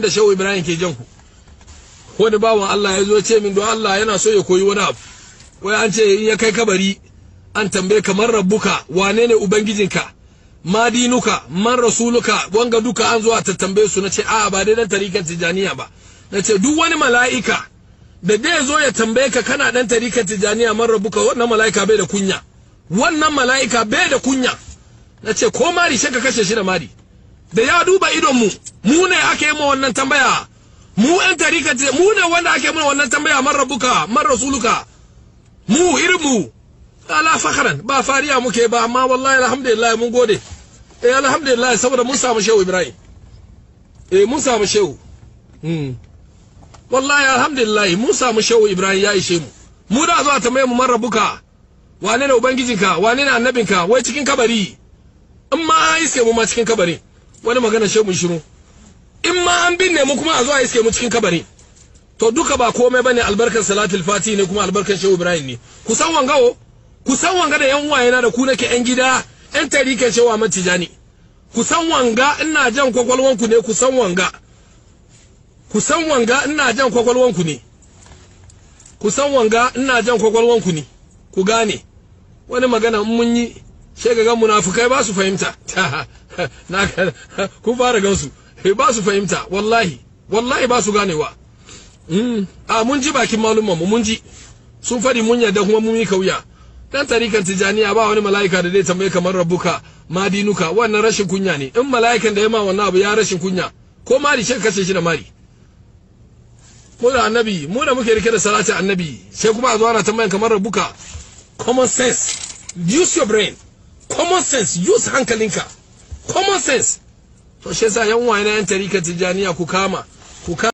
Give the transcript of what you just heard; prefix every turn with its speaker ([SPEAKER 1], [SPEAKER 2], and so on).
[SPEAKER 1] da shehu ibrahim ke jan ku wani bawan Allah ya zo ce min don Allah yana so ya koyi wani abu wai an ce in ya kai kabari an tambaye kamar rabbuka wane ne ubangijinka madinuka man rasuluka wanga duka an zo a tattambaye su ce a ba dai dan tarikan tijaniya ba na ce duk wani mala'ika da dai zo ya tambaye ka kana dan tarikan tijaniya man rabbuka wannan mala'ika bai da kunya wannan mala'ika bai da kunya na ce ko mari sai ka kashe shi da mari da ya duba idon mu mu ne ake mu wannan tambaya mu ɗan tarika mu ne wanda ake mu wannan tambaya mar rabbuka mar rasuluka mu irin mu ala fakhran ba fariya muke ba amma wallahi alhamdulillah mun gode eh alhamdulillah saboda mun samu shehu ibrahim eh mun samu shehu hmm. wallahi alhamdulillah mun samu shehu ibrahim ya ishe mu mu da zuwa tambaye mu mar rabbuka wane ne ubangijinka wane ne annabinka wai cikin kabari in ma iske mu ma cikin kabari wani magana mun shiru in ma an binne mu kuma a zuwa iske mu cikin kabari to duka ba komai bane albarkar salatul fati ne kuma albarkar shehu ibrahim ne ku san wangawo ku san wanga da yan na da ku nake yan gida yan tarikan shewa matijani ku san wanga ina jan ku ne ku san wanga ku san wanga ina jan ku ne ku san wanga ina jan ku ne ku gane wani magana in mun yi sai ga munafukai ba su fahimta na ku fara gansu eh, ba su fahimta wallahi wallahi ba su ganewa mm. a mun ji bakin malumanmu mun ji sun faɗi mun yarda kuma mun yi kauya dan tarikan tijaniya ba wani mala'ika da zai tambaye kamar rabbuka madinuka wannan rashin kunya ne in mala'ikan da ya ma wannan abu ya rashin kunya ko mari shi kashe shi da mari ko da annabi mu da muke rike da salati annabi sai kuma a zo ana tambayan kamar rabbuka common sense use your brain common sense use hankalinka common sense to shi yasa yan wani yan tarika tijaniya ku kama ku kama